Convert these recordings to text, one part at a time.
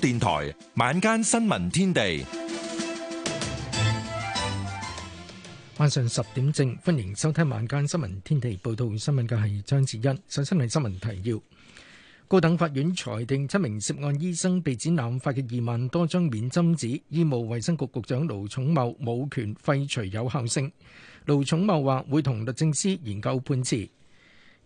電台晚間新聞天地，晚上十點正，歡迎收聽晚間新聞天地，報道新聞嘅係張志欣，首先係新聞提要：高等法院裁定七名涉案醫生被指濫發嘅二萬多張免針紙，醫務衛生局局長盧寵茂冇權廢除有效性。盧寵茂話會同律政司研究判詞。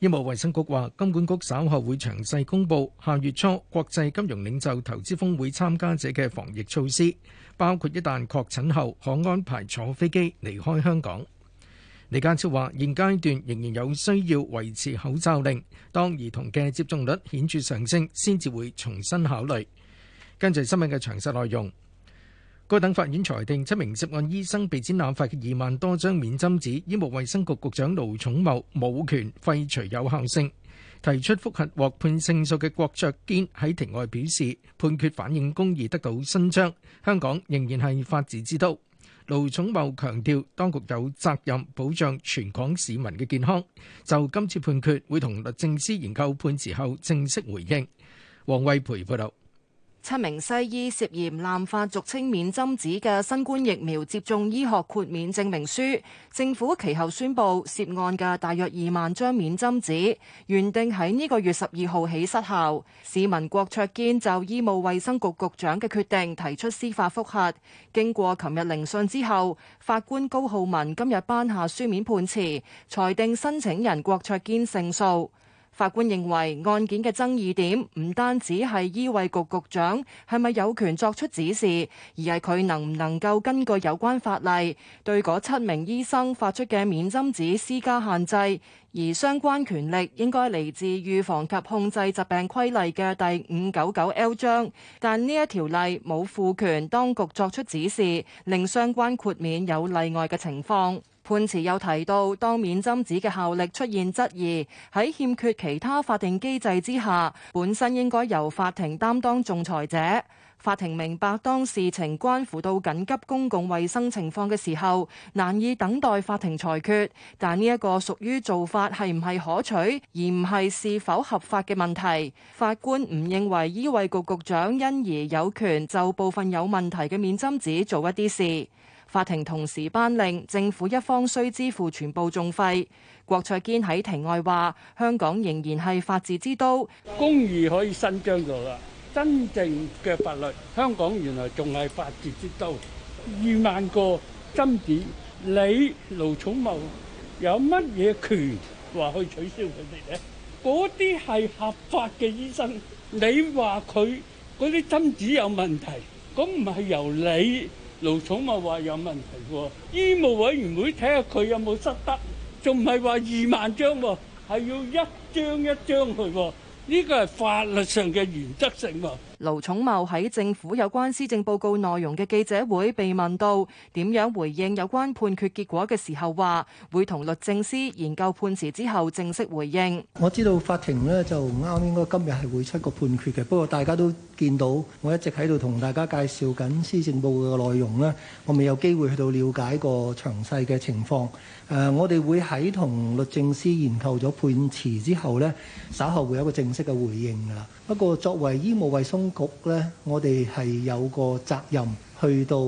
醫務衛生局話，金管局稍後會詳細公布下月初國際金融領袖投資峰會參加者嘅防疫措施，包括一旦確診後可安排坐飛機離開香港。李家超話，現階段仍然有需要維持口罩令，當兒童嘅接種率顯著上升，先至會重新考慮。跟住新聞嘅詳細內容。高等法院裁定七名涉案醫生被指濫發二萬多張免針紙，醫務衛生局局長盧寵茂冇權廢除有效性。提出覆核獲判勝訴嘅郭卓堅喺庭外表示，判決反映公義得到伸張，香港仍然係法治之都。盧寵茂強調，當局有責任保障全港市民嘅健康。就今次判決，會同律政司研究判詞後正式回應。王衛培報道。七名西醫涉嫌濫發俗稱免針紙嘅新冠疫苗接種醫學豁免證明書，政府其後宣布涉案嘅大約二萬張免針紙原定喺呢個月十二號起失效。市民郭卓堅就醫務衛生局局長嘅決定提出司法覆核，經過琴日聆訊之後，法官高浩文今日頒下書面判詞，裁定申請人郭卓堅勝訴。法官認為案件嘅爭議點唔單止係醫衞局局長係咪有權作出指示，而係佢能唔能夠根據有關法例對嗰七名醫生發出嘅免針紙施加限制，而相關權力應該嚟自《預防及控制疾病規例》嘅第五九九 L 章，但呢一條例冇賦權當局作出指示令相關豁免有例外嘅情況。判詞又提到，當免針紙嘅效力出現質疑，喺欠缺其他法定機制之下，本身應該由法庭擔當仲裁者。法庭明白當事情關乎到緊急公共衛生情況嘅時候，難以等待法庭裁決。但呢一個屬於做法係唔係可取，而唔係是，是否合法嘅問題。法官唔認為醫衞局局長因而有權就部分有問題嘅免針紙做一啲事。法庭同時頒令，政府一方需支付全部訟費。郭卓堅喺庭外話：香港仍然係法治之都，公義可以伸張咗啦。真正嘅法律，香港原來仲係法治之都。二萬個針紙，你盧寵茂有乜嘢權話去取消佢哋呢？嗰啲係合法嘅醫生，你話佢嗰啲針紙有問題，咁唔係由你。盧寵茂話有問題喎，醫務委員會睇下佢有冇失德，仲唔係話二萬張喎，係要一張一張去喎，呢個係法律上嘅原則性喎。盧寵茂喺政府有關施政報告內容嘅記者會被問到點樣回應有關判決結果嘅時候，話會同律政司研究判詞之後正式回應。我知道法庭呢就唔啱，應該今日係會出個判決嘅，不過大家都。見到我一直喺度同大家介紹緊施政報告嘅內容呢，我未有機會去到了解個詳細嘅情況。誒、呃，我哋會喺同律政司研究咗判詞之後呢，稍後會有一個正式嘅回應㗎啦。不過作為醫務衛生局呢，我哋係有個責任去到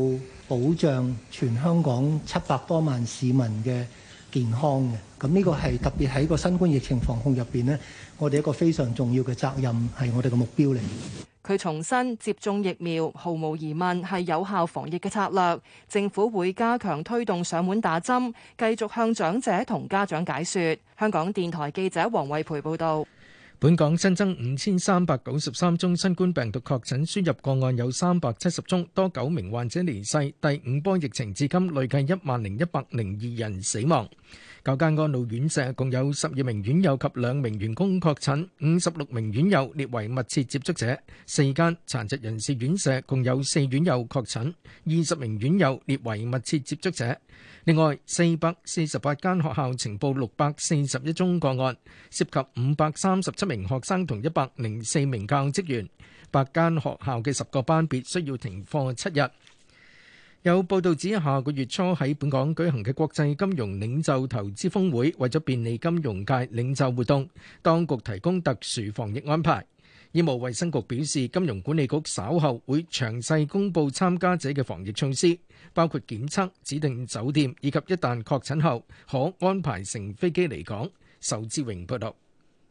保障全香港七百多萬市民嘅健康嘅。咁呢個係特別喺個新冠疫情防控入邊呢，我哋一個非常重要嘅責任係我哋嘅目標嚟。佢重申接種疫苗毫無疑問係有效防疫嘅策略，政府會加強推動上門打針，繼續向長者同家長解說。香港電台記者王惠培報道，本港新增五千三百九十三宗新冠病毒確診，輸入個案有，有三百七十宗，多九名患者離世。第五波疫情至今累計一萬零一百零二人死亡。九間安老院舍共有十二名院友及兩名員工確診，五十六名院友列為密切接觸者。四間殘疾人士院舍共有四院友確診，二十名院友列為密切接觸者。另外，四百四十八間學校呈報六百四十一宗個案，涉及五百三十七名學生同一百零四名教職員。八間學校嘅十個班別需要停課七日。有報道指，下個月初喺本港舉行嘅國際金融領袖投資峰會，為咗便利金融界領袖活動，當局提供特殊防疫安排。醫務衛生局表示，金融管理局稍後會詳細公佈參加者嘅防疫措施，包括檢測、指定酒店以及一旦確診後可安排乘飛機離港。仇志榮報導。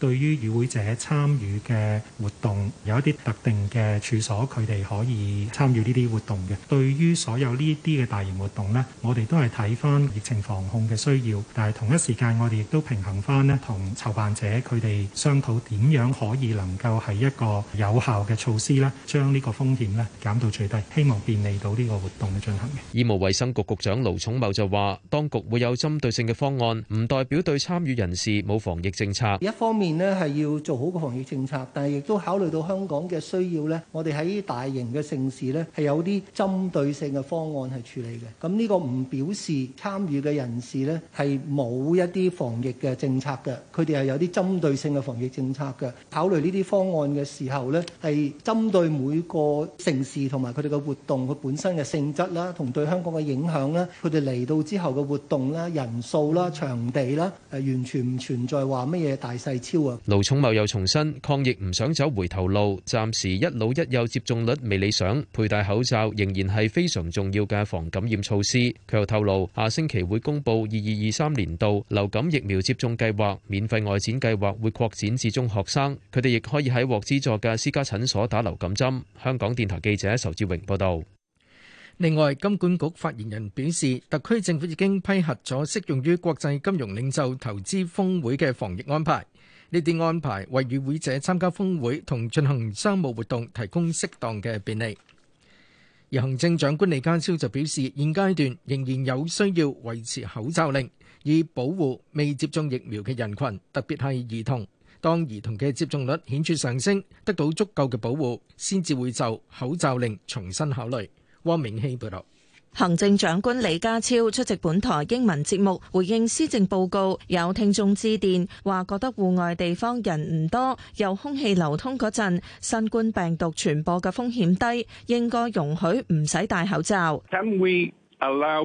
對於與會者參與嘅活動，有一啲特定嘅處所，佢哋可以參與呢啲活動嘅。對於所有呢啲嘅大型活動呢，我哋都係睇翻疫情防控嘅需要，但係同一時間我哋亦都平衡翻呢，同籌辦者佢哋商討點樣可以能夠係一個有效嘅措施呢，將呢個風險呢減到最低，希望便利到呢個活動嘅進行嘅。醫務衛生局局長盧寵茂就話，當局會有針對性嘅方案，唔代表對參與人士冇防疫政策。方面咧，係要做好個防疫政策，但係亦都考慮到香港嘅需要咧，我哋喺大型嘅城市咧，係有啲針對性嘅方案去處理嘅。咁呢個唔表示參與嘅人士咧，係冇一啲防疫嘅政策嘅，佢哋係有啲針對性嘅防疫政策嘅。考慮呢啲方案嘅時候咧，係針對每個城市同埋佢哋嘅活動，佢本身嘅性質啦，同對香港嘅影響啦，佢哋嚟到之後嘅活動啦、人數啦、場地啦，係、呃、完全唔存在話乜嘢大細。超啊！盧寵茂又重申抗疫唔想走回頭路，暫時一老一幼接種率未理想，佩戴口罩仍然係非常重要嘅防感染措施。佢又透露，下星期會公布二二二三年度流感疫苗接種計劃，免費外展計劃會擴展至中學生，佢哋亦可以喺獲資助嘅私家診所打流感針。香港電台記者仇志榮報道。另外，金管局發言人表示，特區政府已經批核咗適用於國際金融領袖投資峯會嘅防疫安排。呢啲安排為與會者參加峯會同進行商務活動提供適當嘅便利。而行政長官李家超就表示，現階段仍然有需要維持口罩令，以保護未接種疫苗嘅人群，特別係兒童。當兒童嘅接種率顯著上升，得到足夠嘅保護，先至會就口罩令重新考慮。汪明熙報道。行政長官李家超出席本台英文節目回應施政報告，有聽眾致電話覺得戶外地方人唔多，又空氣流通嗰陣，新冠病毒傳播嘅風險低，應該容許唔使戴口罩。Can we allow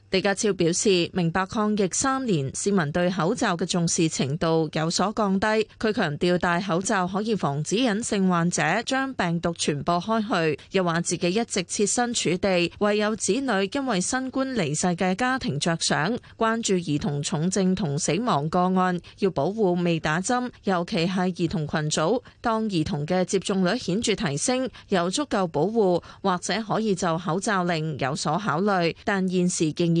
李家超表示，明白抗疫三年，市民對口罩嘅重視程度有所降低。佢強調戴口罩可以防止隱性患者將病毒傳播開去。又話自己一直切身處地，為有子女因為新冠離世嘅家庭着想，關注兒童重症同死亡個案，要保護未打針，尤其係兒童群組，當兒童嘅接種率顯著提升，有足夠保護或者可以就口罩令有所考慮，但現時建議。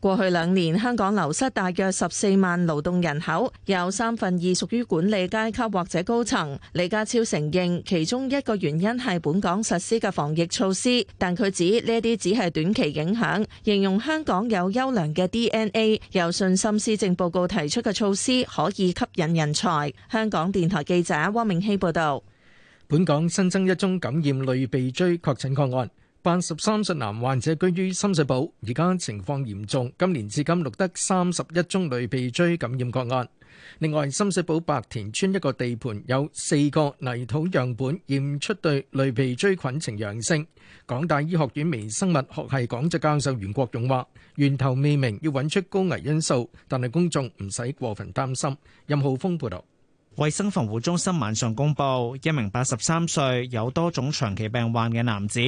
過去兩年，香港流失大約十四萬勞動人口，有三分二屬於管理階級或者高層。李家超承認其中一個原因係本港實施嘅防疫措施，但佢指呢啲只係短期影響，形容香港有優良嘅 DNA，有信心施政報告提出嘅措施可以吸引人才。香港電台記者汪明熙報道。本港新增一宗感染類鼻疽確診個案，八十三歲男患者居於深水埗，而家情況嚴重。今年至今錄得三十一宗類鼻疽感染個案。另外，深水埗白田村一個地盤有四個泥土樣本驗出對類鼻疽菌呈陽性。港大醫學院微生物學系講座教授袁國勇話：源頭未明，要揾出高危因素，但係公眾唔使過分擔心。任浩峰報道。衛生防護中心晚上公布，一名八十三歲有多種長期病患嘅男子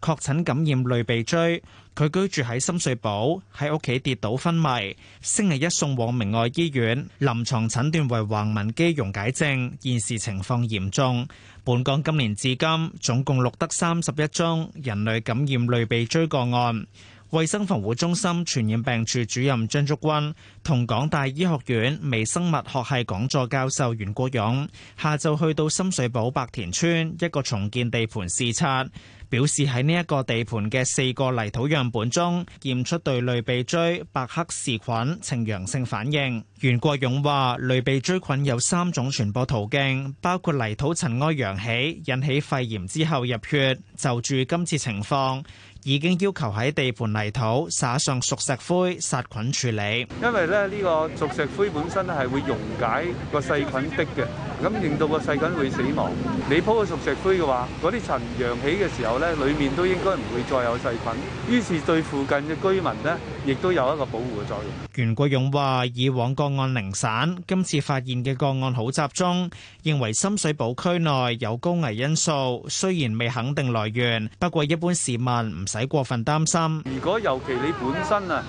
確診感染類鼻疽，佢居住喺深水埗，喺屋企跌倒昏迷，星期一送往明愛醫院，臨床診斷為橫紋肌溶解症，現時情況嚴重。本港今年至今總共錄得三十一宗人類感染類鼻疽個案。衛生防護中心傳染病處主任張竹君同港大醫學院微生物學系講座教授袁國勇下晝去到深水埗白田村一個重建地盤視察，表示喺呢一個地盤嘅四個泥土樣本中驗出對類鼻疽白黑氏菌呈陽性反應。袁國勇話：類鼻疽菌有三種傳播途徑，包括泥土塵埃揚起，引起肺炎之後入血。就住今次情況。已經要求喺地盤泥土撒上熟石灰殺菌處理，因為咧呢個熟石灰本身係會溶解個細菌的嘅，咁令到個細菌會死亡。你鋪個熟石灰嘅話，嗰啲塵揚起嘅時候咧，裡面都應該唔會再有細菌，於是對附近嘅居民咧。亦都有一個保護嘅作用。袁國勇話：以往個案零散，今次發現嘅個案好集中，認為深水埗區內有高危因素。雖然未肯定來源，不過一般市民唔使過分擔心。如果尤其你本身啊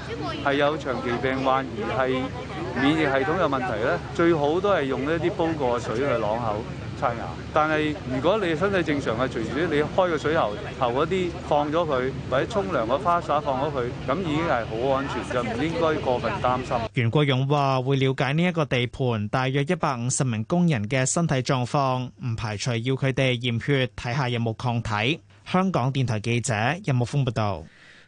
係有長期病患，而係免疫系統有問題咧，最好都係用呢啲煲過嘅水去啷口。但係，如果你身體正常嘅，隨時你開個水喉喉嗰啲放咗佢，或者沖涼個花灑放咗佢，咁已經係好安全，就唔應該過分擔心。袁國勇話：會了解呢一個地盤大約一百五十名工人嘅身體狀況，唔排除要佢哋驗血睇下有冇抗體。香港電台記者任木峯報道。有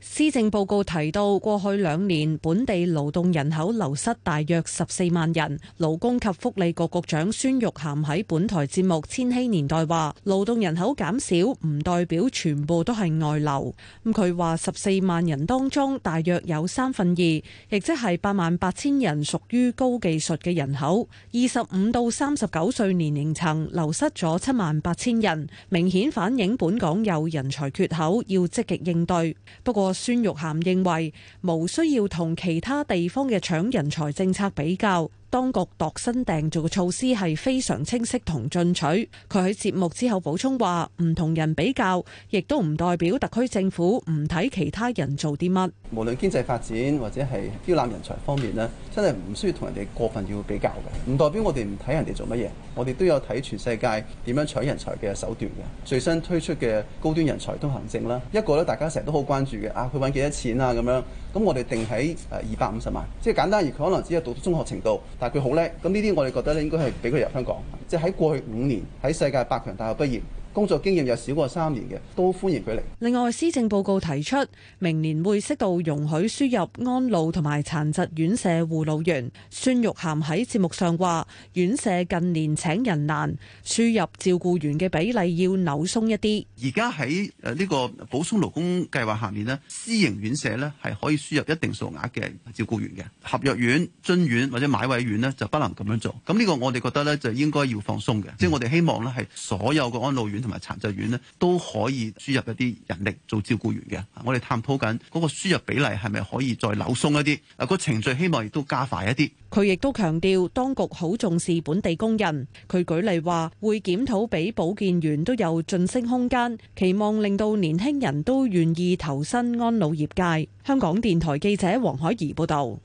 施政報告提到，過去兩年本地勞動人口流失大約十四萬人。勞工及福利局局長孫玉菡喺本台節目《千禧年代》話，勞動人口減少唔代表全部都係外流。咁佢話十四萬人當中，大約有三分二，亦即係八萬八千人屬於高技術嘅人口。二十五到三十九歲年齡層流失咗七萬八千人，明顯反映本港有人才缺口，要積極應對。不過，和孫玉菡認為，無需要同其他地方嘅搶人才政策比較。當局度身訂造嘅措施係非常清晰同進取。佢喺節目之後補充話：唔同人比較，亦都唔代表特區政府唔睇其他人做啲乜。無論經濟發展或者係招攬人才方面咧，真係唔需要同人哋過分要比較嘅。唔代表我哋唔睇人哋做乜嘢，我哋都有睇全世界點樣搶人才嘅手段嘅。最新推出嘅高端人才通行證啦，一個咧大家成日都好關注嘅啊，佢揾幾多錢啊咁樣。咁我哋定喺二百五十萬，即係簡單，而佢可能只有讀到中學程度，但係佢好叻。咁呢啲我哋覺得應該係俾佢入香港。即係喺過去五年喺世界百強大學畢業。工作經驗有少過三年嘅，都歡迎佢嚟。另外，施政報告提出明年會適度容許輸入安老同埋殘疾院舍護老員。孫玉涵喺節目上話，院舍近年請人難，輸入照顧員嘅比例要扭鬆一啲。而家喺呢個補充勞工計劃下面咧，私營院舍咧係可以輸入一定數額嘅照顧員嘅。合約院、津院或者買位院咧就不能咁樣做。咁呢個我哋覺得咧就應該要放鬆嘅，即係 我哋希望咧係所有嘅安老院。同埋殘疾院咧都可以輸入一啲人力做照顧員嘅，我哋探討緊嗰個輸入比例係咪可以再扭鬆一啲？嗱、那，個程序希望亦都加快一啲。佢亦都強調，當局好重視本地工人。佢舉例話，會檢討俾保健員都有晉升空間，期望令到年輕人都願意投身安老業界。香港電台記者黃海怡報導。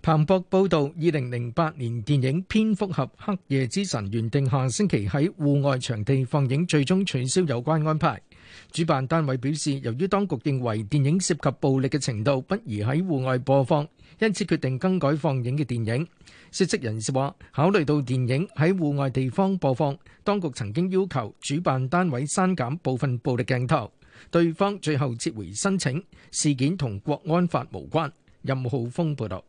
彭博報道，二零零八年電影《蝙蝠俠：黑夜之神》原定下星期喺戶外場地放映，最終取消有關安排。主辦單位表示，由於當局認為電影涉及暴力嘅程度，不宜喺戶外播放，因此決定更改放映嘅電影。消息人士話，考慮到電影喺戶外地方播放，當局曾經要求主辦單位刪減部分暴力鏡頭，對方最後撤回申請。事件同國安法無關。任浩峰報道。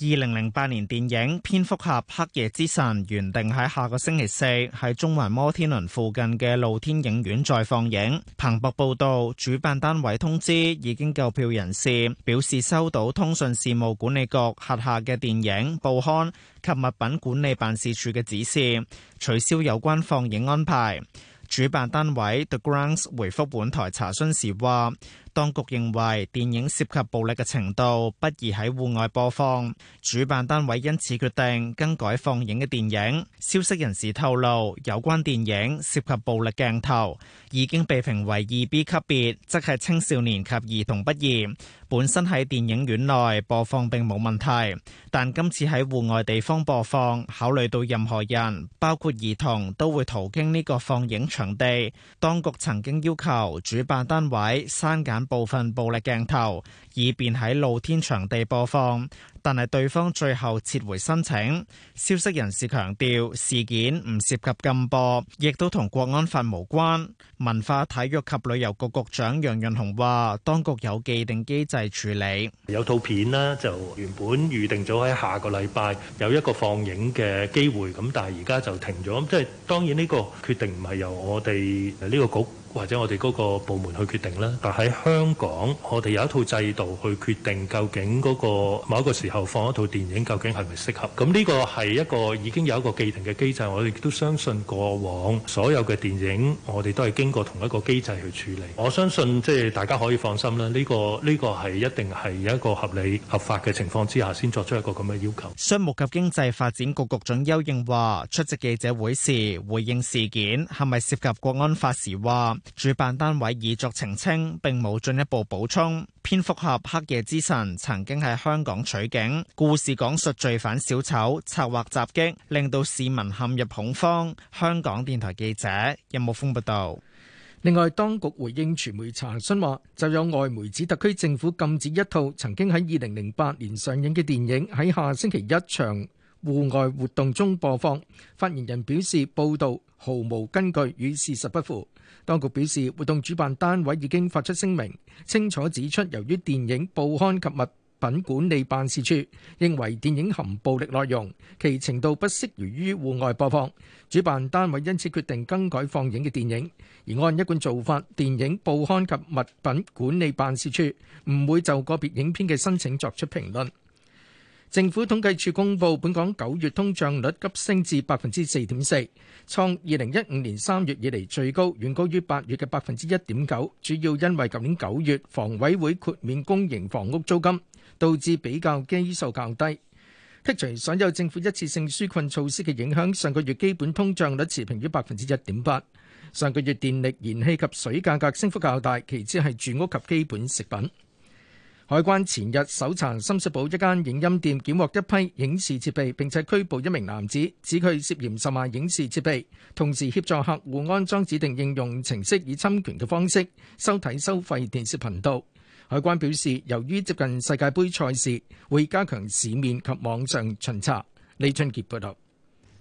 二零零八年電影《蝙蝠俠：黑夜之神》原定喺下個星期四喺中環摩天輪附近嘅露天影院再放映。彭博報道，主辦單位通知已經購票人士，表示收到通訊事務管理局轄下嘅電影報刊及物品管理辦事處嘅指示，取消有關放映安排。主辦單位 The Grounds 回覆本台查詢時話。當局認為電影涉及暴力嘅程度，不宜喺戶外播放。主辦單位因此決定更改放映嘅電影。消息人士透露，有關電影涉及暴力鏡頭，已經被評為二 B 級別，即係青少年及兒童不宜。本身喺電影院內播放並冇問題，但今次喺戶外地方播放，考慮到任何人，包括兒童，都會途經呢個放映場地。當局曾經要求主辦單位刪減部分暴力鏡頭以便喺露天場地播放，但係對方最後撤回申請。消息人士強調事件唔涉及禁播，亦都同國安法無關。文化體育及旅遊局局長楊潤雄話，當局有既定機制處理。有套片啦，就原本預定咗喺下個禮拜有一個放映嘅機會，咁但係而家就停咗。咁即係當然呢個決定唔係由我哋呢個局。或者我哋嗰個部門去決定啦，但喺香港，我哋有一套制度去決定究竟嗰個某一個時候放一套電影，究竟係咪適合？咁、嗯、呢、這個係一個已經有一個既定嘅機制。我哋都相信過往所有嘅電影，我哋都係經過同一個機制去處理。我相信即係大家可以放心啦。呢、這個呢、這個係一定係有一個合理合法嘅情況之下先作出一個咁嘅要求。商務及經濟發展局局長邱騰華出席記者會時回應事件係咪涉及國安法時話。主辦單位已作澄清，並冇進一步補充。蝙蝠俠黑夜之神曾經喺香港取景，故事講述罪犯小丑，策劃襲擊，令到市民陷入恐慌。香港電台記者任木峰報道。有，有另外，當局回應傳媒查詢話，就有外媒指特區政府禁止一套曾經喺二零零八年上映嘅電影喺下星期一場戶外活動中播放，發言人表示報導毫無根據，與事實不符。當局表示活動主辦單位已經發出聲明，清楚指出由於電影報刊及物品管理辦事處認為電影含暴力內容，其程度不適宜於戶外播放，主辦單位因此決定更改放映嘅電影。而按一貫做法，電影報刊及物品管理辦事處唔會就個別影片嘅申請作出評論。政府統計處公布，本港九月通脹率急升至百分之四點四，創二零一五年三月以嚟最高，遠高於八月嘅百分之一點九。主要因為舊年九月房委會豁免公營房屋租金，導致比較基數較低。剔除所有政府一次性紓困措施嘅影響，上個月基本通脹率持平於百分之一點八。上個月電力、燃氣及水價格升幅較大，其次係住屋及基本食品。海關前日搜查深水埗一間影音店，檢獲一批影視設備，並且拘捕一名男子，指佢涉嫌售賣影視設備，同時協助客戶安裝指定應用程式以侵權嘅方式收睇收費電視頻道。海關表示，由於接近世界杯賽事，會加強市面及網上巡查。李春杰報道。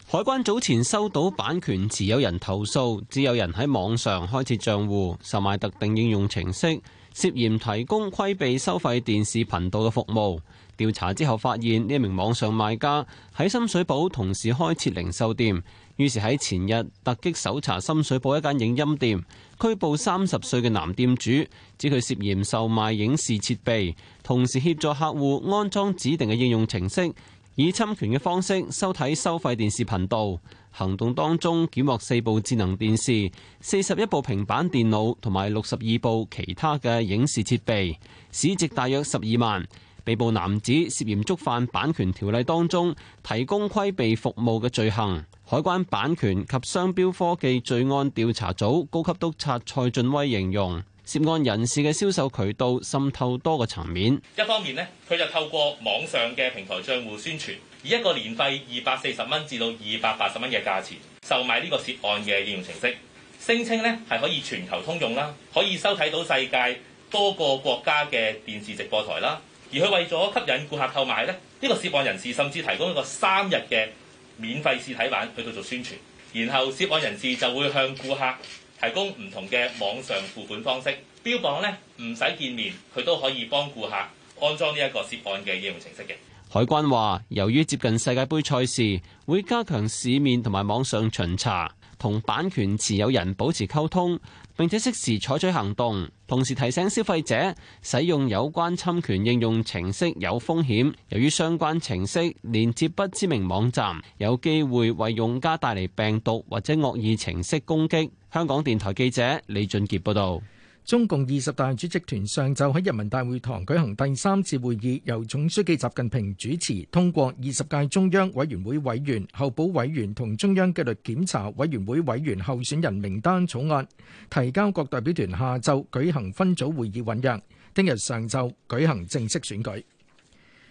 海關早前收到版權持有人投訴，指有人喺網上開設賬戶售賣特定應用程式。涉嫌提供規避收費電視頻道嘅服務，調查之後發現呢一名網上賣家喺深水埗同時開設零售店，於是喺前日突擊搜查深水埗一間影音店，拘捕三十歲嘅男店主，指佢涉嫌售賣影視設備，同時協助客戶安裝指定嘅應用程式。以侵權嘅方式收睇收費電視頻道。行動當中，檢獲四部智能電視、四十一部平板電腦同埋六十二部其他嘅影視設備，市值大約十二萬。被捕男子涉嫌觸犯版權條例當中提供規避服務嘅罪行。海關版權及商標科技罪案調查組高級督察蔡俊威形容。涉案人士嘅銷售渠道滲透多個層面。一方面，呢佢就透過網上嘅平台賬戶宣傳，以一個年費二百四十蚊至到二百八十蚊嘅價錢售賣呢個涉案嘅應用程式，聲稱呢係可以全球通用啦，可以收睇到世界多個國家嘅電視直播台啦。而佢為咗吸引顧客購買呢，呢、呢個涉案人士甚至提供一個三日嘅免費試睇版去到做宣傳，然後涉案人士就會向顧客。提供唔同嘅網上付款方式，標榜呢，唔使見面，佢都可以幫顧客安裝呢一個涉案嘅應用程式嘅。海關話，由於接近世界盃賽事，會加強市面同埋網上巡查，同版權持有人保持溝通，並且適時採取行動。同時提醒消費者使用有關侵權應用程式有風險，由於相關程式連接不知名網站，有機會為用家帶嚟病毒或者惡意程式攻擊。香港電台記者李俊杰報道，中共二十大主席團上晝喺人民大會堂舉行第三次會議，由總書記習近平主持，通過二十屆中央委員會委員候補委員同中央紀律檢查委員會委員候選人名單草案，提交各代表團下晝舉行分組會議醞釀，聽日上晝舉行正式選舉。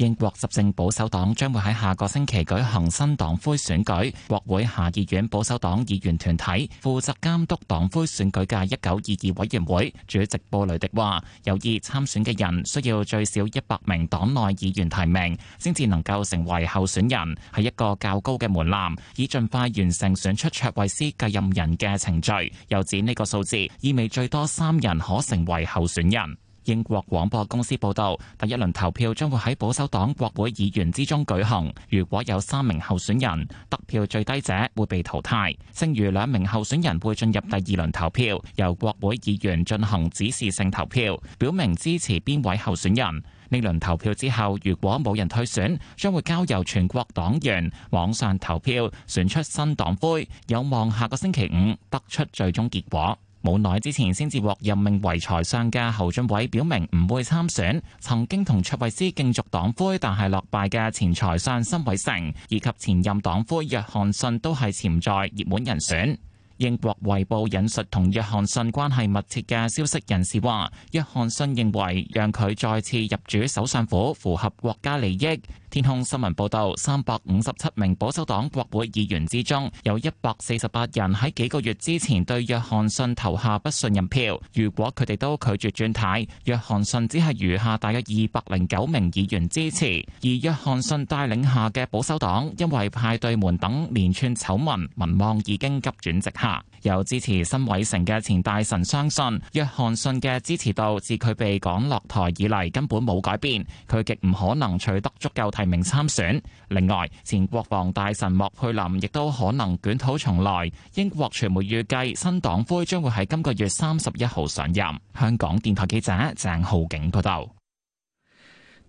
英國執政保守黨將會喺下個星期舉行新黨魁選舉。國會下議院保守黨議員團體負責監督黨魁選舉嘅1922委員會主席布雷迪話：有意參選嘅人需要最少一百名黨內議員提名，先至能夠成為候選人，係一個較高嘅門檻，以盡快完成選出卓慧思繼任人嘅程序。又指呢個數字意味最多三人可成為候選人。英國廣播公司報道，第一輪投票將會喺保守黨國會議員之中舉行。如果有三名候選人，得票最低者會被淘汰，剩餘兩名候選人會進入第二輪投票，由國會議員進行指示性投票，表明支持邊位候選人。呢輪投票之後，如果冇人退選，將會交由全國黨員網上投票，選出新黨魁，有望下個星期五得出最終結果。冇耐之前先至獲任命為財相嘅侯俊偉表明唔會參選，曾經同卓慧思競逐黨魁但係落敗嘅前財相辛偉成以及前任黨魁約翰遜都係潛在熱門人選。英國《衛報》引述同約翰遜關係密切嘅消息人士話，約翰遜認為讓佢再次入主首相府符合國家利益。天空新聞報道，三百五十七名保守黨國會議員之中，有一百四十八人喺幾個月之前對約翰遜投下不信任票。如果佢哋都拒絕轉態，約翰遜只係餘下大約二百零九名議員支持。而約翰遜帶領下嘅保守黨，因為派對門等連串醜聞，民望已經急轉直下。有支持辛偉誠嘅前大臣相信，約翰遜嘅支持度自佢被趕落台以嚟根本冇改變，佢極唔可能取得足夠提名參選。另外，前國防大臣莫佩林亦都可能捲土重來。英國傳媒預計新黨魁將會喺今個月三十一號上任。香港電台記者鄭浩景報道。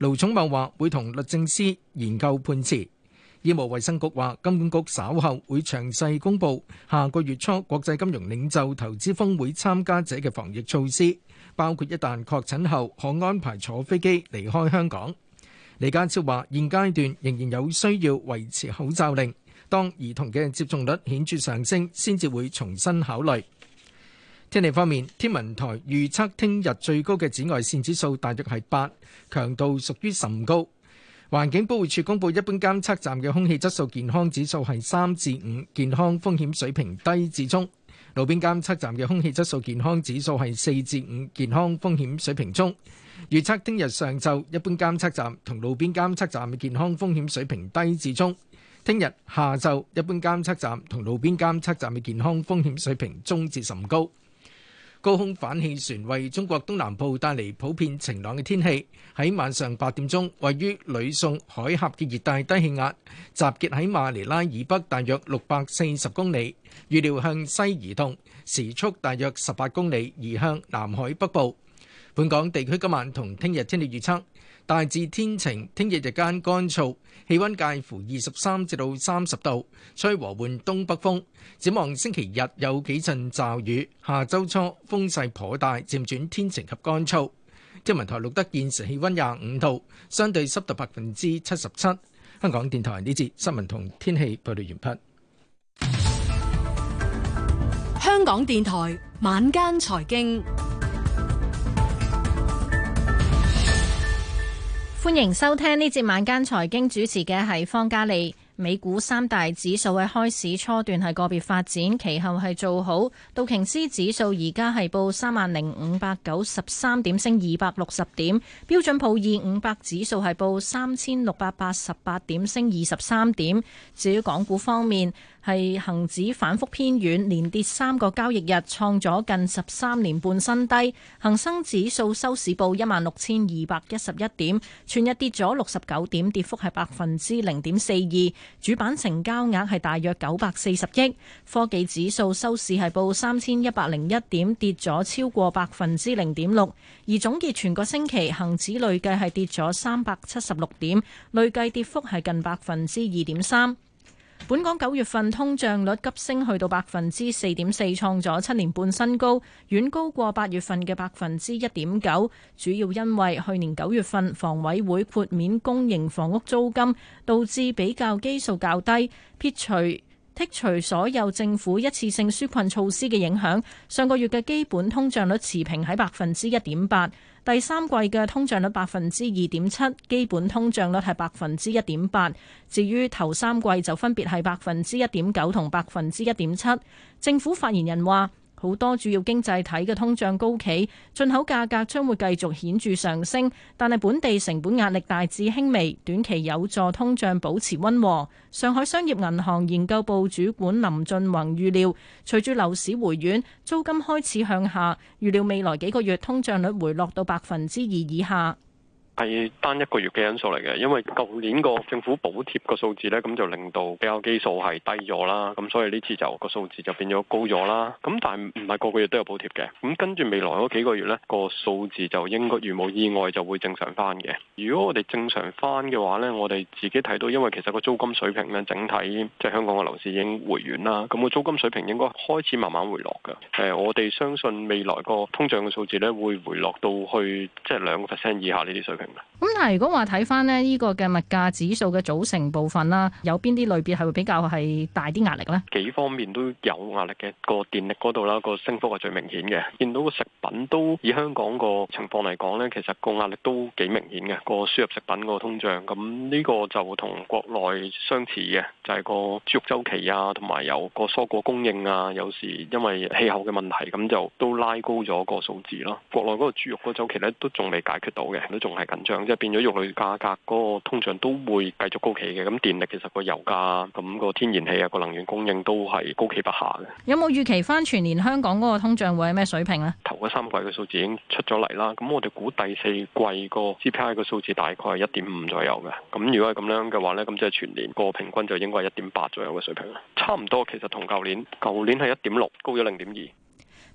盧寵茂話會同律政司研究判詞。醫務衛生局話金管局稍後會詳細公布下個月初國際金融領袖投資峰會參加者嘅防疫措施，包括一旦確診後可安排坐飛機離開香港。李家超話現階段仍然有需要維持口罩令，當兒童嘅接種率顯著上升，先至會重新考慮。天氣方面，天文台預測聽日最高嘅紫外線指數大約係八，強度屬於甚高。環境保護署公布一般監測站嘅空氣質素健康指數係三至五，健康風險水平低至中；路邊監測站嘅空氣質素健康指數係四至五，健康風險水平中。預測聽日上晝一般監測站同路邊監測站嘅健康風險水平低至中；聽日下晝一般監測站同路邊監測站嘅健康風險水平中至甚高。高空反氣旋為中國東南部帶嚟普遍晴朗嘅天氣。喺晚上八點鐘，位於呂宋海峽嘅熱帶低氣壓集結喺馬尼拉以北大約六百四十公里，預料向西移動，時速大約十八公里，移向南海北部。本港地區今晚同聽日天氣預測。大致天晴，聽日日間乾燥，氣温介乎二十三至到三十度，吹和緩東北風。展望星期日有幾陣驟雨，下周初風勢頗大，漸轉天晴及乾燥。天文台錄得現時氣温廿五度，相對濕度百分之七十七。香港電台呢節新聞同天氣報道完畢。香港電台晚間財經。歡迎收聽呢節晚間財經，主持嘅係方嘉利。美股三大指數喺開市初段係個別發展，其後係做好。道瓊斯指數而家係報三萬零五百九十三點，升二百六十點。標準普爾五百指數係報三千六百八十八點，升二十三點。至於港股方面。係恒指反覆偏軟，連跌三個交易日，創咗近十三年半新低。恒生指數收市報一萬六千二百一十一點，全日跌咗六十九點，跌幅係百分之零點四二。主板成交額係大約九百四十億。科技指數收市係報三千一百零一點，跌咗超過百分之零點六。而總結全個星期，恒指累計係跌咗三百七十六點，累計跌幅係近百分之二點三。本港九月份通脹率急升，去到百分之四點四，創咗七年半新高，遠高過八月份嘅百分之一點九。主要因為去年九月份房委會豁免公營房屋租金，導致比較基數較低，撇除。剔除所有政府一次性紓困措施嘅影響，上個月嘅基本通脹率持平喺百分之一點八，第三季嘅通脹率百分之二點七，基本通脹率係百分之一點八。至於頭三季就分別係百分之一點九同百分之一點七。政府發言人話。好多主要經濟體嘅通脹高企，進口價格將會繼續顯著上升，但係本地成本壓力大致輕微，短期有助通脹保持溫和。上海商業銀行研究部主管林俊宏預料，隨住樓市回軟，租金開始向下，預料未來幾個月通脹率回落到百分之二以下。係單一個月嘅因素嚟嘅，因為舊年個政府補貼個數字呢，咁就令到比較基數係低咗啦，咁所以呢次就個數字就變咗高咗啦。咁但係唔係個個月都有補貼嘅，咁跟住未來嗰幾個月呢，個數字就應該如冇意外就會正常翻嘅。如果我哋正常翻嘅話呢，我哋自己睇到，因為其實個租金水平呢，整體即係、就是、香港個樓市已經回軟啦，咁個租金水平應該開始慢慢回落噶。誒，我哋相信未來個通脹嘅數字呢，會回落到去即係兩個 percent 以下呢啲水平。咁但係如果話睇翻咧，呢個嘅物價指數嘅組成部分啦，有邊啲類別係會比較係大啲壓力咧？幾方面都有壓力嘅，個電力嗰度啦，個升幅係最明顯嘅。見到個食品都以香港個情況嚟講咧，其實個壓力都幾明顯嘅。個輸入食品個通脹，咁呢個就同國內相似嘅，就係個豬肉周期啊，同埋有個蔬果供應啊，有時因為氣候嘅問題，咁就都拉高咗個數字咯。國內嗰個豬肉個周期咧，都仲未解決到嘅，都仲係。通脹即係變咗肉類價格嗰個通脹都會繼續高企嘅。咁電力其實個油價、咁個天然氣啊、個能源供應都係高企不下嘅。有冇預期翻全年香港嗰個通脹會係咩水平呢？頭嗰三季嘅數字已經出咗嚟啦。咁我哋估第四季個 GPI 嘅數字大概係一點五左右嘅。咁如果係咁樣嘅話呢，咁即係全年個平均就應該係一點八左右嘅水平。差唔多，其實同舊年，舊年係一點六，高咗零點二。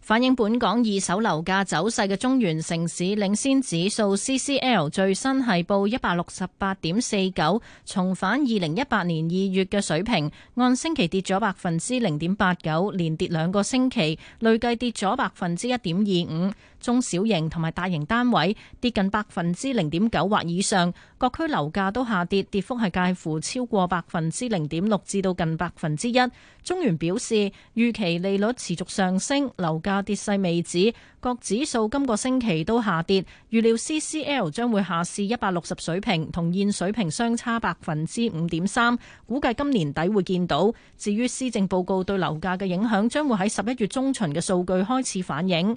反映本港二手樓價走勢嘅中原城市領先指數 （CCL） 最新係報一百六十八點四九，重返二零一八年二月嘅水平。按星期跌咗百分之零點八九，連跌兩個星期，累計跌咗百分之一點二五。中小型同埋大型單位跌近百分之零點九或以上，各區樓價都下跌，跌幅係介乎超過百分之零點六至到近百分之一。中原表示，預期利率持續上升，樓價。價跌勢未止，各指數今個星期都下跌。預料 CCL 將會下試一百六十水平，同現水平相差百分之五點三。估計今年底會見到。至於施政報告對樓價嘅影響，將會喺十一月中旬嘅數據開始反映。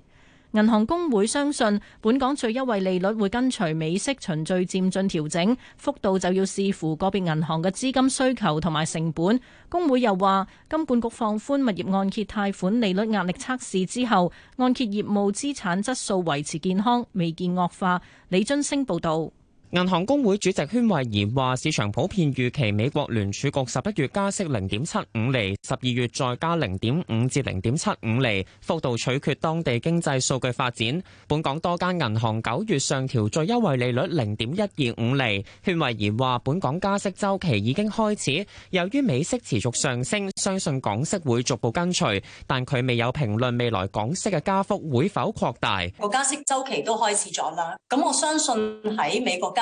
銀行公會相信，本港最優惠利率會跟隨美息循序漸進調整，幅度就要視乎個別銀行嘅資金需求同埋成本。公會又話，金管局放寬物業按揭貸款利率壓力測試之後，按揭業務資產質素維持健康，未見惡化。李津升報導。銀行公會主席禤惠儀話：市場普遍預期美國聯儲局十一月加息0.75厘，十二月再加0.5至0.75厘，幅度取決當地經濟數據發展。本港多間銀行九月上調最優惠利率0.125厘。禤惠儀話：本港加息周期已經開始，由於美息持續上升，相信港息會逐步跟隨，但佢未有評論未來港息嘅加幅會否擴大。個加息周期都開始咗啦，咁我相信喺美國加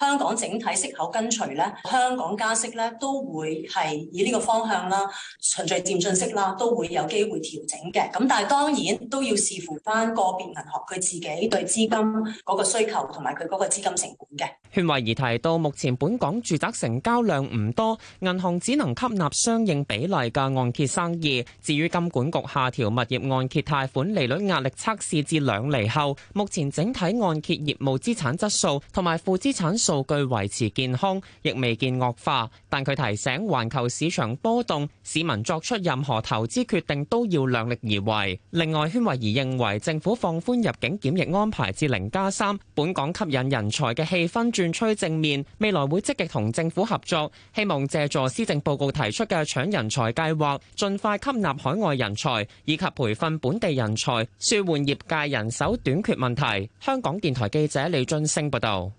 香港整體息口跟隨咧，香港加息咧都會係以呢個方向啦，循序漸進式啦，都會有機會調整嘅。咁但係當然都要視乎返個別銀行佢自己對資金嗰個需求同埋佢嗰個資金成本嘅。禤慧怡提到，目前本港住宅成交量唔多，銀行只能吸納相應比例嘅按揭生意。至於金管局下調物業按揭貸款利率壓力測試至兩厘後，目前整體按揭業務資產質素同埋負資產數據維持健康，亦未見惡化。但佢提醒環球市場波動，市民作出任何投資決定都要量力而為。另外，軒惠儀認為政府放寬入境檢疫安排至零加三，本港吸引人才嘅氣氛轉趨正面。未來會積極同政府合作，希望借助施政報告提出嘅搶人才計劃，盡快吸納海外人才以及培訓本地人才，舒緩業界人手短缺問題。香港電台記者李俊升報道。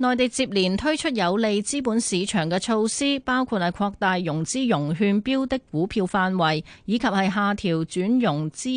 內地接連推出有利資本市場嘅措施，包括係擴大融資融券標的股票範圍，以及係下調轉融資，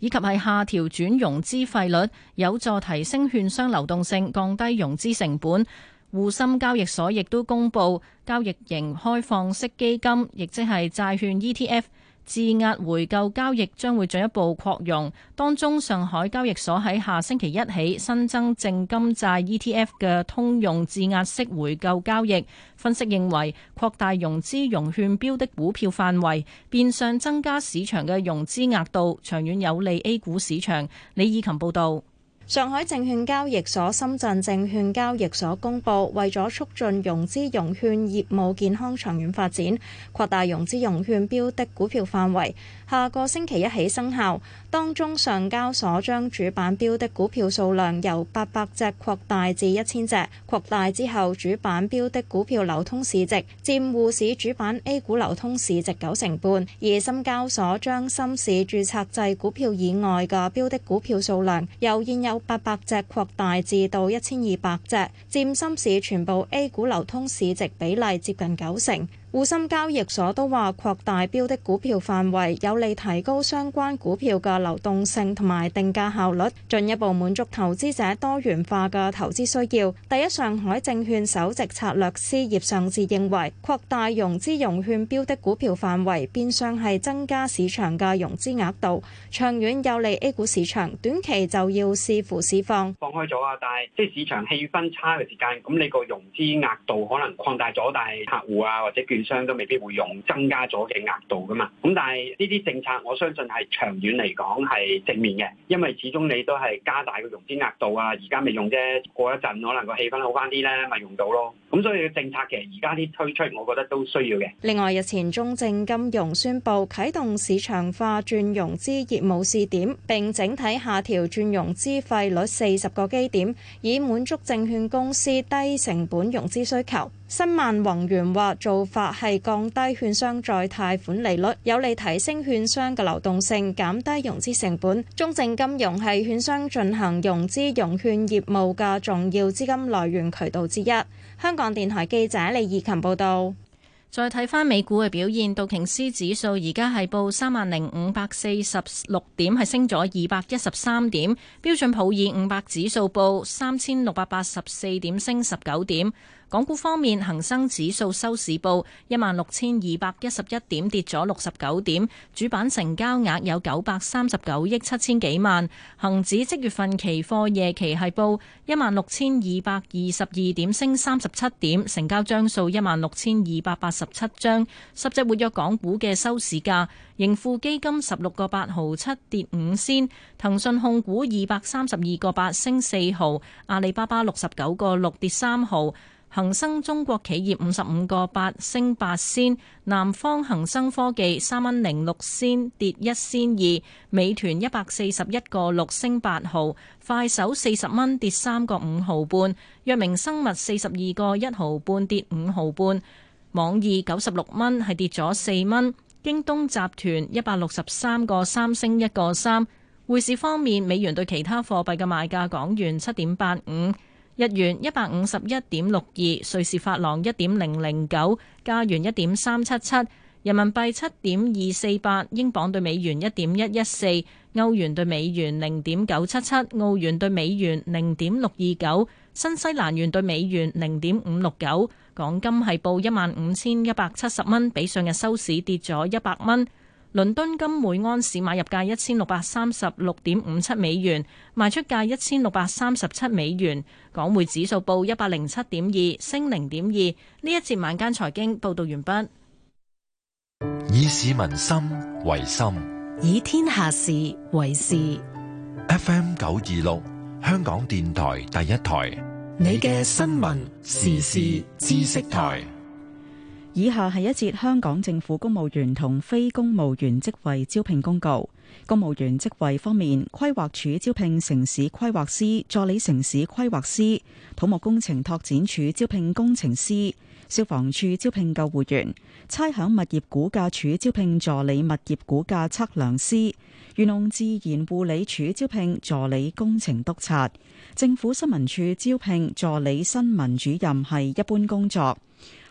以及係下調轉融資費率，有助提升券商流動性，降低融資成本。滬深交易所亦都公佈交易型開放式基金，亦即係債券 ETF。質押回購交易將會進一步擴容，當中上海交易所喺下星期一起新增證金債 ETF 嘅通用質押式回購交易。分析認為，擴大融資融券標的股票範圍，變相增加市場嘅融資額度，長遠有利 A 股市場。李以琴報導。上海證券交易所、深圳證券交易所公布，為咗促進融資融券業務健康長遠發展，擴大融資融券標的股票範圍。下個星期一起生效，當中上交所將主板標的股票數量由八百隻擴大至一千隻，擴大之後，主板標的股票流通市值佔滬市主板 A 股流通市值九成半；而深交所將深市註冊制股票以外嘅標的股票數量由現有八百隻擴大至到一千二百隻，佔深市全部 A 股流通市值比例接近九成。滬深交易所都話擴大標的股票範圍，有利提高相關股票嘅流動性同埋定價效率，進一步滿足投資者多元化嘅投資需要。第一上海證券首席策略師葉尚志認為，擴大融資融券標的股票範圍，變相係增加市場嘅融資額度，長遠有利 A 股市場，短期就要視乎市況。放開咗啊，但係即係市場氣氛差嘅時間，咁你個融資額度可能擴大咗，但係客戶啊或者券。商都未必會用增加咗嘅額度㗎嘛，咁但係呢啲政策，我相信係長遠嚟講係正面嘅，因為始終你都係加大個融資額度啊。而家未用啫，過一陣可能個氣氛好返啲咧，咪用到咯。咁所以政策其實而家啲推出，我覺得都需要嘅。另外，日前中證金融宣布啟動市場化轉融資業務試點，並整體下調轉融資費率四十個基點，以滿足證券公司低成本融資需求。申萬宏源話做法係降低券商再貸款利率，有利提升券商嘅流動性，減低融資成本。中證金融係券商進行融資融券業務嘅重要資金來源渠道之一。香港電台記者李義琴報道。再睇翻美股嘅表現，道瓊斯指數而家係報三萬零五百四十六點，係升咗二百一十三點。標準普爾五百指數報三千六百八十四點，升十九點。港股方面，恒生指數收市報一萬六千二百一十一點，跌咗六十九點。主板成交額有九百三十九億七千幾萬。恒指即月份期貨夜期係報一萬六千二百二十二點，升三十七點，成交張數一萬六千二百八十七張。十隻活躍港股嘅收市價，盈富基金十六個八毫七跌五仙，騰訊控股二百三十二個八升四毫，阿里巴巴六十九個六跌三毫。恒生中國企業五十五個八升八仙，南方恒生科技三蚊零六仙跌一仙二，美團一百四十一個六升八毫，快手四十蚊跌三個五毫半，藥明生物四十二個一毫半跌五毫半，網易九十六蚊係跌咗四蚊，京東集團一百六十三個三升一個三。匯市方面，美元對其他貨幣嘅賣價，港元七點八五。日元一百五十一點六二，瑞士法郎一點零零九，加元一點三七七，人民幣七點二四八，英鎊對美元一點一一四，歐元對美元零點九七七，澳元對美元零點六二九，新西蘭元對美元零點五六九，港金係報一萬五千一百七十蚊，比上日收市跌咗一百蚊。倫敦金每安士買入價一千六百三十六點五七美元，賣出價一千六百三十七美元。港匯指數報 2, 2, 一百零七點二，升零點二。呢一節晚間財經報道完畢。以市民心為心，以天下事為事。F M 九二六，香港電台第一台，你嘅新聞時事知識台。以下係一節香港政府公務員同非公務員職位招聘公告。公務員職位方面，規劃署招聘城市規劃師、助理城市規劃師；土木工程拓展署招聘工程師；消防處招聘救護員；差餉物業估價署招聘助理物業估價測量師；漁農自然護理署招聘助理工程督察；政府新聞處招聘助理新聞主任，係一般工作。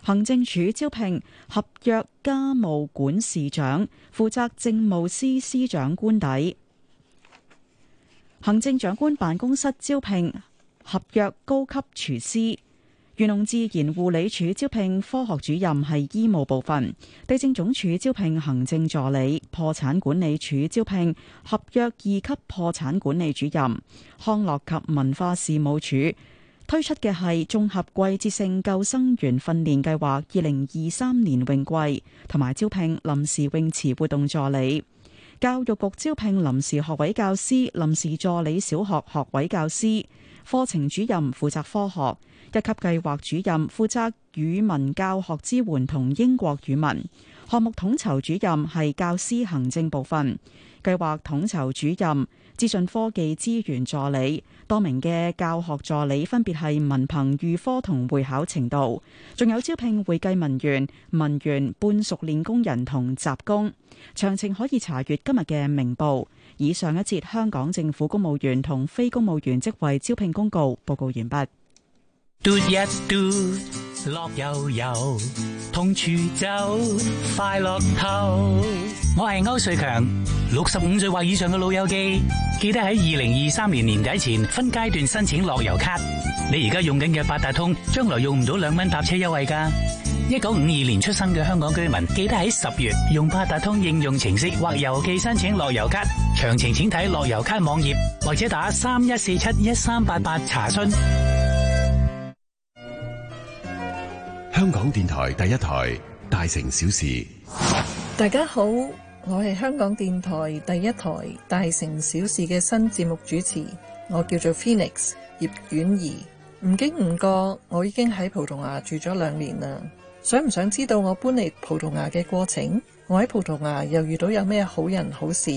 行政署招聘合約家務管事長，負責政務司司長官邸。行政長官辦公室招聘合約高級廚師。漁農自然護理署招聘科學主任係醫務部分。地政總署招聘行政助理。破產管理署招聘合約二級破產管理主任。康樂及文化事務署。推出嘅係綜合季節性救生員訓練計劃二零二三年泳季，同埋招聘臨時泳池活動助理。教育局招聘臨時學位教師、臨時助理小學學位教師、課程主任負責科學、一級計劃主任負責語文教學支援同英國語文。項目統籌主任係教師行政部分。計劃統籌主任、資訊科技資源助理。多名嘅教學助理分別係文憑預科同會考程度，仲有招聘會計文員、文員、半熟練工人同雜工。詳情可以查閱今日嘅明報。以上一節香港政府公務員同非公務員職位招聘公告。報告完畢。嘟一嘟，樂悠悠，同處走，快樂透。我係歐瑞強，六十五歲或以上嘅老友記，記得喺二零二三年年底前分階段申請樂悠咭。你而家用緊嘅八達通，將來用唔到兩蚊搭車優惠噶。一九五二年出生嘅香港居民，記得喺十月用八達通應用程式或郵寄申請樂悠咭。詳情請睇樂悠咭網頁或者打三一四七一三八八查詢。香港電台第一台《大城小事》，大家好，我係香港電台第一台《大城小事》嘅新節目主持，我叫做 Phoenix 葉婉儀。唔經唔覺，我已經喺葡萄牙住咗兩年啦。想唔想知道我搬嚟葡萄牙嘅過程？我喺葡萄牙又遇到有咩好人好事？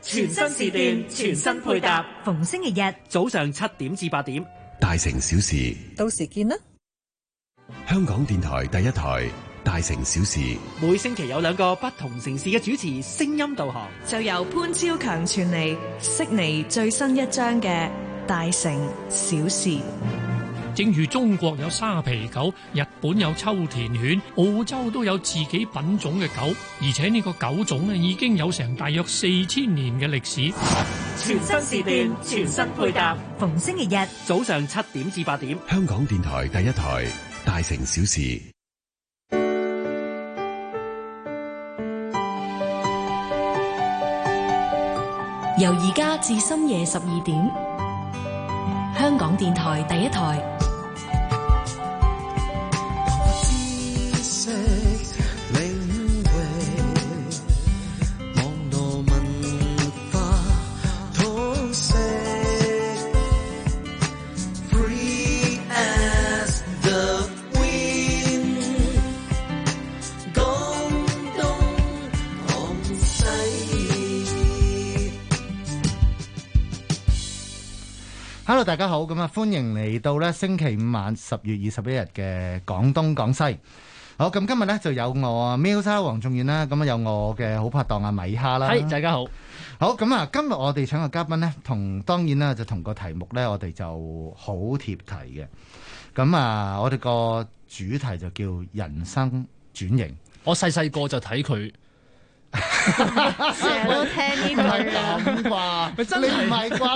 全新時段，全新配搭，逢星期日早上七點至八點，《大城小事》，到時見啦。香港電台第一台《大城小事》，每星期有兩個不同城市嘅主持聲音導航，就由潘超強傳嚟悉尼最新一章嘅《大城小事》。正如中國有沙皮狗，日本有秋田犬，澳洲都有自己品種嘅狗，而且呢個狗種咧已經有成大約四千年嘅歷史。全新時段，全新配搭，配搭逢星期日早上七點至八點，香港電台第一台。大城小事，由而家至深夜十二點，香港電台第一台。大家好，咁啊，歡迎嚟到咧，星期五晚十月二十一日嘅廣東廣西。好，咁今日咧就有我 Miles 黃仲元啦，咁啊有我嘅好拍檔阿米哈啦。係，大家好，好咁啊，今日我哋請嘅嘉賓咧，同當然啦就同個題目咧，我哋就好貼題嘅。咁啊，我哋個主題就叫人生轉型。我細細個就睇佢，成日都聽呢啲啊。唔係咁啩？你真係唔係啩。